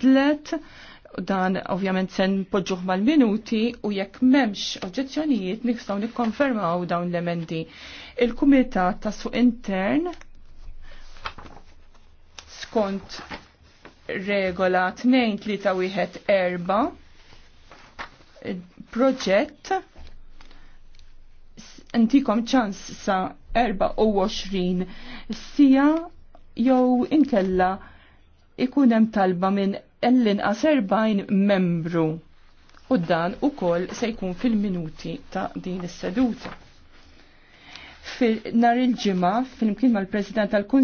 bidlet dan ovvjament sen podġuħ mal-minuti u jekk memx oġġezzjonijiet nistgħu nikkonfermaw dawn l-emendi. Il-Kumitat ta' Suq Intern skont regola 2314 proġett intikom ċans sa 20 sija jew inkella ikun hemm talba minn ellin inqas membru u dan u koll se jkun fil-minuti ta' din is-seduta. Fil-nar il-ġimgħa fil-mkien mal-President tal-Kunsill